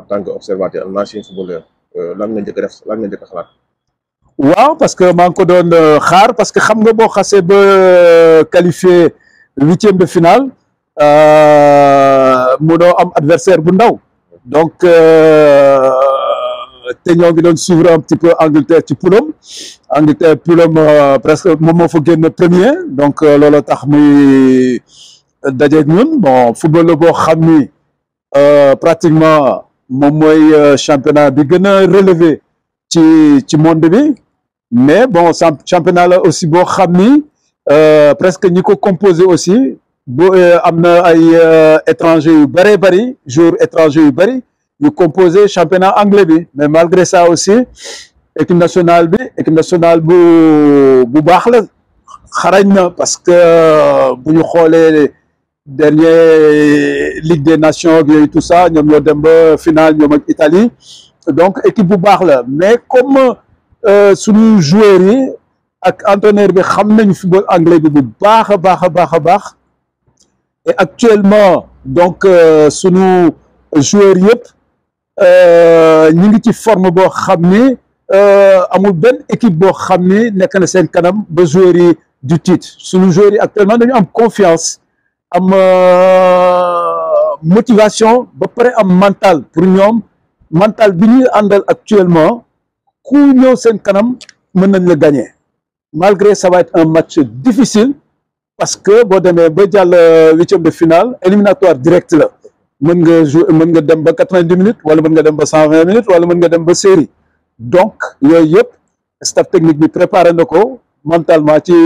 en tant que observateur footballeur euh, parce que je euh, parce que xam nga euh, qualifié huitième de finale adversaire donc ñoo suivre un petit peu Angleterre poulom Angleterre poulom presque premier donc bon football je sais pratiquement moom euh, championnat bi gëna relevé ci ci monde bi mais bon championnat là aussi bo xamni euh, presque ñiko composé aussi bo euh, am na ay euh, étrangers yu bari bari étrangers yu bari yu composé championnat anglais bi mais malgré ça aussi équipe nationale bi équipe nationale bu bu baax la xarañ na parce que buñu xolé dernier euh, Ligue des Nations yooyu tout ça ñoom ñoo dem ba finale ñoom ak Italie donc équipe bu baax la mais comme euh, suñu joueurs yi ak entraîneur bi xam nañu football anglais bi bu baax a baax a baax a baax actuellement donc euh, suñu joueurs yëpp ñi ngi ci forme boo xam ni amul benn équipe boo xam ni nekk na seen kanam ba joueurs yi du titre suñu joueurs yi actuellement dañu am confiance am euh, motivation ba am mental pour ñom mental bi ñu andal actuellement ku ñëw seen kanam mën nañ la gagner malgré ça va être un match difficile parce que bo demee ba jàll euh, de finale éliminatoire direct la mën nga jouer mën nga dem ba 90 minutes wala mën nga dem ba 120 minutes wala mën nga dem ba série donc yooyu staff technique bi préparé na mentalement ci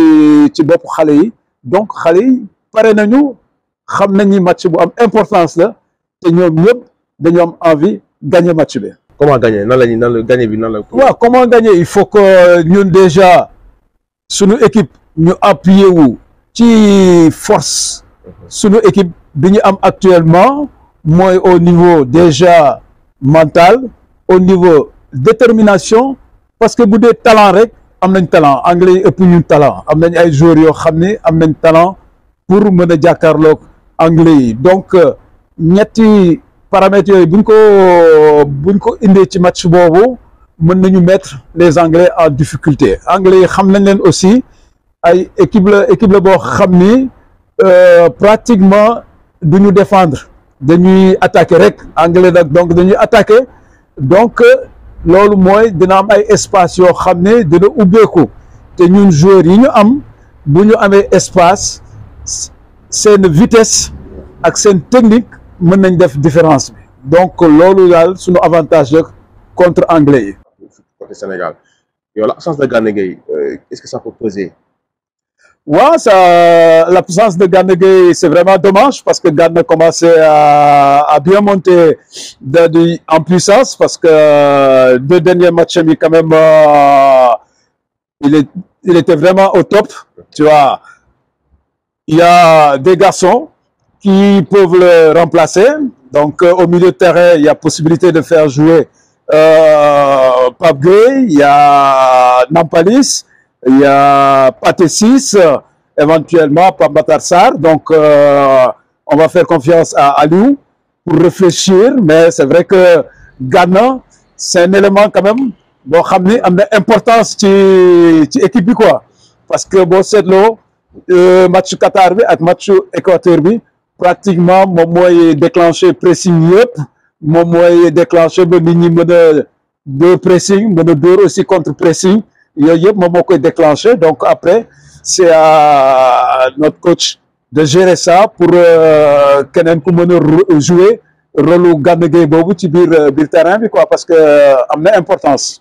ci bop xalé yi donc xale yi pare nañu xam match bu am importance la té ñom ñëpp dañu am envie gagner match bi. comment gagner nan la nan gagner bi nan la. comment gagner il faut que ñun déjà suñu équipe ñu appuyer wu ci force mhm. suñu équipe bi ñu am actuellement moy au niveau déjà mental au niveau détermination parce que boudé talent rek amnañ talent anglais pour ëpp ñu talent amnañ ay joueurs yo xamné amnañ talent pour mën a anglais donc euh, ñetti paramètres buñ ko buñ ko indé ci match mettre les anglais en difficulté anglais aussi ay équipe la équipe euh, pratiquement l'équipe nous défendre dañuy attaquer rek anglais nak donc de attaquer donc euh, l'équipe moy dina am ay espace l'équipe de de l'équipe té ñun joueur yi ñu am de espace une vitesse ak seen technique mën nañ différence donc loolu daal suñu avantage contre anglais yi. côté Sénégal yow l'absence de Gane Gueye euh, est-ce que ça peut peser. Ouais, ça, puissance de Gane Gueye, c'est vraiment dommage parce que Gane a à, à bien monter en puissance parce que euh, deux derniers matchs, mais quand même, euh, il, il était vraiment au top, tu vois. Il y a des garçons qui peuvent le remplacer. Donc, euh, au milieu de terrain, il y a possibilité de faire jouer euh, il y a Nampalis, il y a Patessis, éventuellement éventuellement Sar Donc, euh, on va faire confiance à Aliou pour réfléchir. Mais c'est vrai que Ghana, c'est un élément quand même bon, qui a une importance quoi quoi Parce que bon, c'est l'eau. Euh, matchu Qatar bi ak matchu Équateur bi pratiquement moom mooy déclenché pressing yëpp moom mooy déclenché ba nit ñi mën a de pressing mën a yëpp moom moo koy déclenché donc après c'est à notre coach de gérer ça pour euh, keneen ku mën a jouer rôle gànn gay boobu ci biir euh, biir terrain bi quoi parce que am na importance